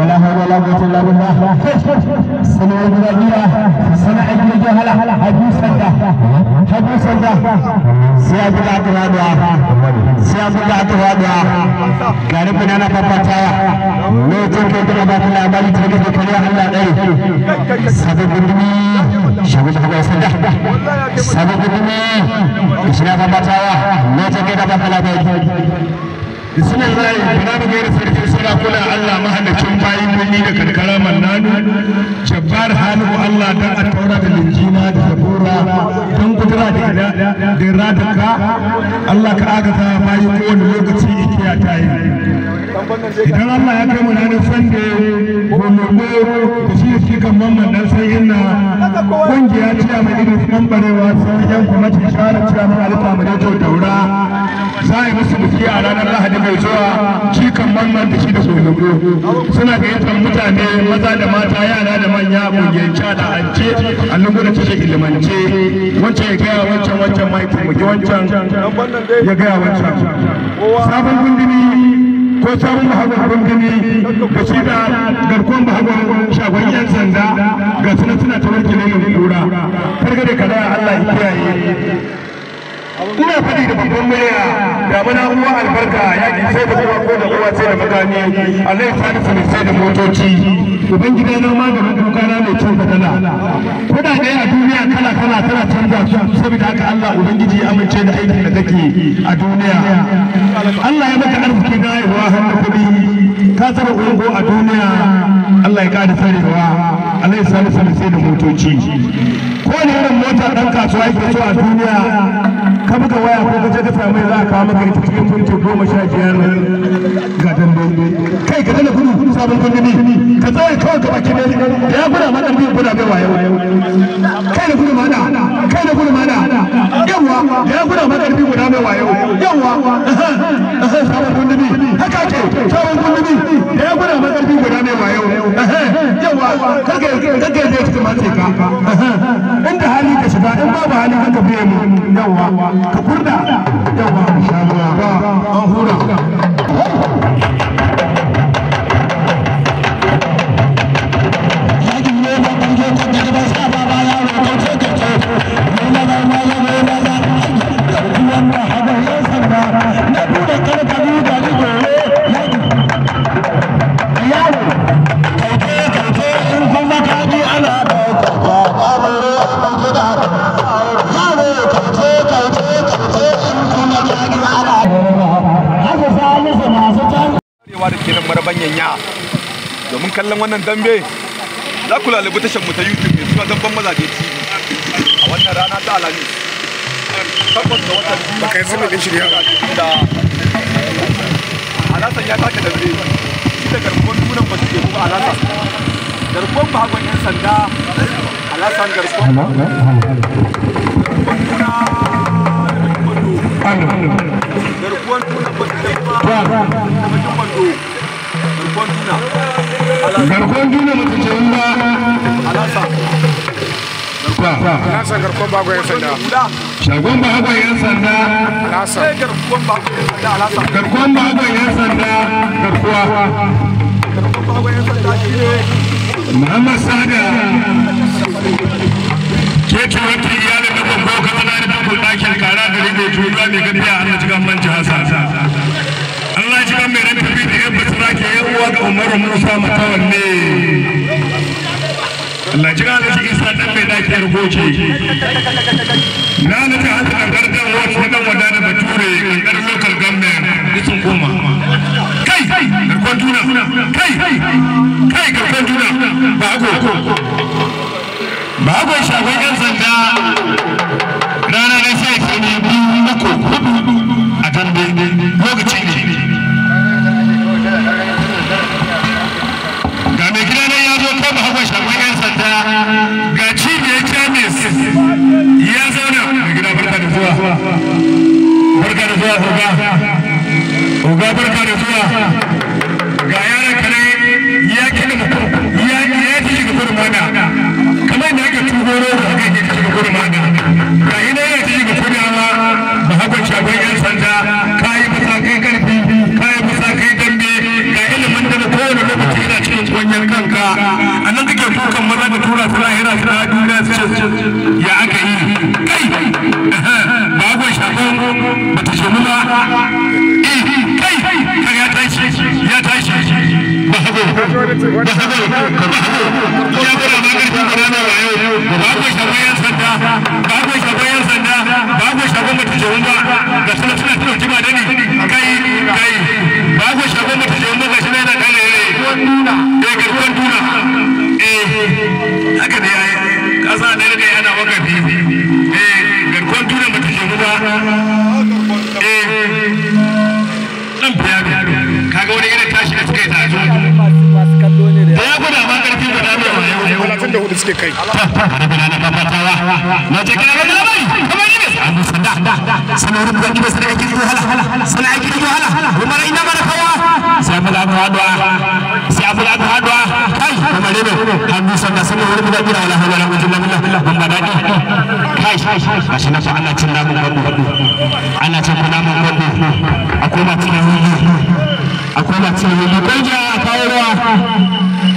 ولا حول ولا قوة إلا بالله سمع الجبابية سمع الجهل حبوس الله حبوس الله سياد بعد رابعة سياد بعد رابعة كان بنانا باباتايا نوتن كنتنا باتنا بالي تبقى تكلي على غير سبب الدمي شغل حبوس الله سبب الدمي إشنا باباتايا نوتن كنتنا باتنا بالي bismillah bana mu gaira sarkin suna kula Allah mahaddacin bayi mulki da karkara mannanu jabbar halu Allah dan ataura da linjina da zabura dan kudura da ida da radaka Allah ka agaza bayi kowane lokaci ikiya ta yi idan Allah ya kai mu na nufin da gologo da shi shi kan mamman dan sanyin na kungiya ciya mai irin mambarewa sanyan kuma ci shara ciya mai alfa mai dajo daura za a yi musu biki a ranar lahadi mai zuwa ci kan mamman da shi da gologo suna gayyatar mutane maza da mata yara da manya kungiyance da ance a lungunan cikin ilimance wancan ya gaya wancan wancan mai taimaki wancan ya gaya wancan sabon gundumi ko sabon bahagon kun gani ga shi da garkon bahagon shagon yan sanda ga suna suna ta warke ne lura kargare kada Allah ya kiyaye ina faɗi da babban murya da muna uwa albarka yaƙi sai da kuma ko da kowa sai da mutane. magani alai salisu ne sai da motoci ubangida na maganin na mai cin da dala kuɗaɗe a duniya kala kala tana canza su saboda haka Allah ubangiji ya amince da aikin da kake a duniya Allah ya maka arziki da haihuwa har da kuɗi ka zama ungo a duniya Allah ya ƙara sarewa alai salisu ne sai da motoci kowane irin mota ɗan kasuwa yake so a duniya ka buga waya ko ka je ka samu za a kawo maka ita cikin kunce goma sha biyar ga dambe kai ka dana gudu gudu sabon gangami ka tsaya kawai gaba ki da ya gura ma dan biyu gura bai wayo kai da gudu mana kai da gudu mana yawa da ya gura ma dan biyu gura bai wayo yawa sabon gangami haka ke sabon gangami da ya guda ma dan biyu guda bai wayo yawa kage kage ta mace ka inda hali ka shiga in babu hali ka biye mu yawa ka kurda yawa insha Allah an hura kallon wannan dambe za ku lalubi tashar mu ta youtube mai suna dabban mazaje tv a wannan rana ta alamis takwas da wata biyu baka yi sunan shirya da alasan ya taka dambe shi da garkuwar nunan ba su ke kuma alasan garkuwar ba hagon yan sanda alasan garkuwar garkuwar ba su ba garkuwar garkon duniya mata ce wanda Alasa garkon yan sanda. Shagon bagon yan sanda. Alasa. Eh, garkon bagon sanda. Alasa. Garkon bagon yan sanda. Garkuwa. Garkon bagon yan sanda Muhammad Sada. Ke wata iyalin da babban kasana da babban ɗakin kara gari mai juriya mai gafiya a hannun uwa ga umaru musa mutawan ne Allah jira da dan mai dakiyar goce na na hasa wada da bature kankar local government kai garkon tuna kai kai garkon tuna ba ako ba ako shagon yan sanda kurmaga ga ina yana ba yan sanda kayi masakai karfi ilimin da kowane lokaci yana cikin kwanyar kanka a nan kake maza da tura ya yi kai ba ba kai ya tashi ya tashi ba haka ba ake gudanarwa yau babu shagon yan sanda babu shagon yan sanda babu shagon mutum shagon ba ga suna suna suna jima da ni kai kai babu shagon mutum shagon ba ga shi yana kare ne eh, garkuwar tuna eh, eh haka ne ya yi ƙasa da ya ana wakafi da kai na ce kana ga labai kamar yi kuma hannu sanda wala kai gashi na fa ana cin namun ana cin namun akwai yi akwai yi kwanja kawo ruwa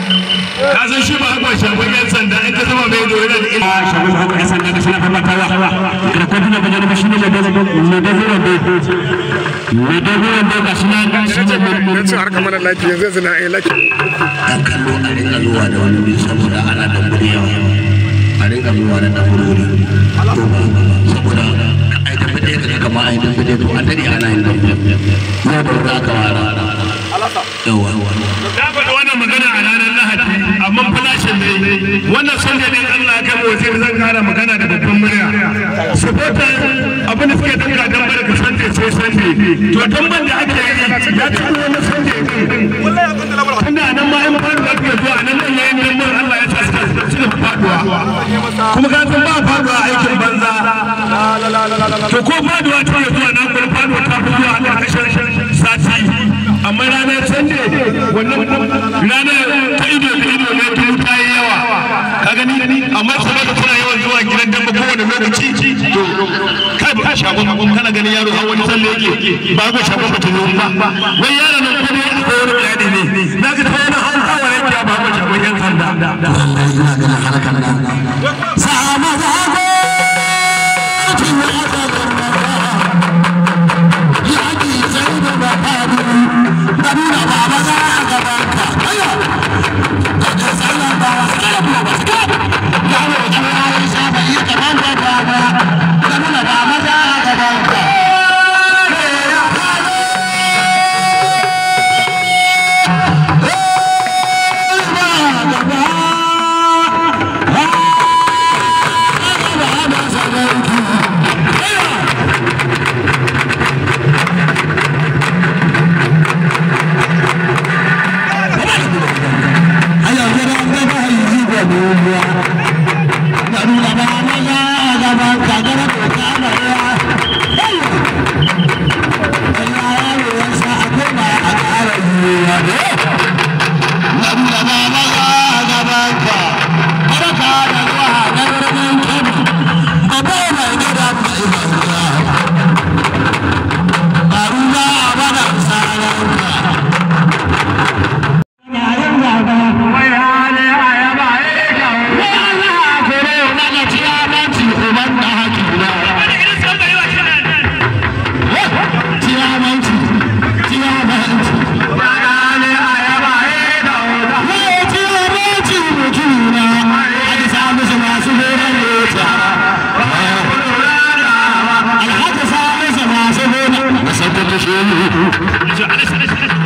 ka san shi ba haka shagon yan sanda in ka zama mai dole da ilimi shagon haka yan sanda ka shi na fafatawa da kafin da jana shi ne da dazura da da dazura da ka shi na ga shi ne mai yanzu har kamar laki eh, yanzu yanzu ai laki an kallo a rinka zuwa da wani bi saboda ana da a rinka zuwa da damburori saboda ai da ka da fide to an dade ana yin damburori da za ka wara yawa muna magana a ranar lahadi amma falashin ne wannan sun gani Allah kan mu wasiri zan kara magana da babban murya supporter abin da suke don bari ka sande sai sande to dan ban da ake yi ya ci wani sande wallahi da nan ma in faru da zuwa nan nan yayin nan mun Allah ya tsaka su da faduwa kuma ka san ba faduwa aikin banza to ko faduwa ta yi zuwa nan ko faduwa ta fi zuwa a kashin amma rana canje wannan rana ta ido da ido ne ta wuta yi yawa ka gani amma da kuna yawan zuwa gidan dabba kowane lokaci to kai ba kana gani yaro har wani yake ba ba ba wai yaro nan ne na ga ta wani har yake ba ba yan sanda wallahi ina ganin harkar nan Alış alış alış.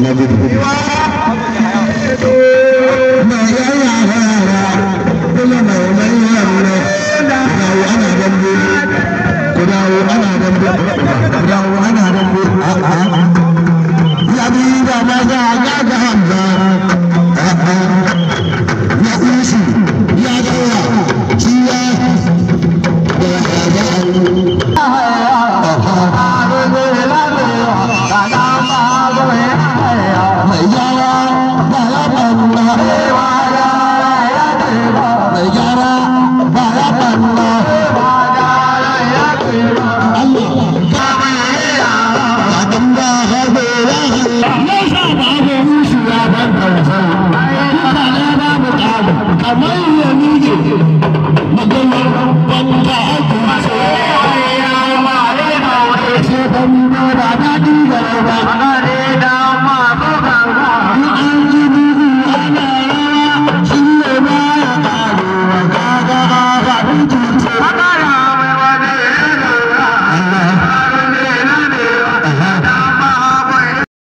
na vida. àmọ́ ìyẹn mi yè.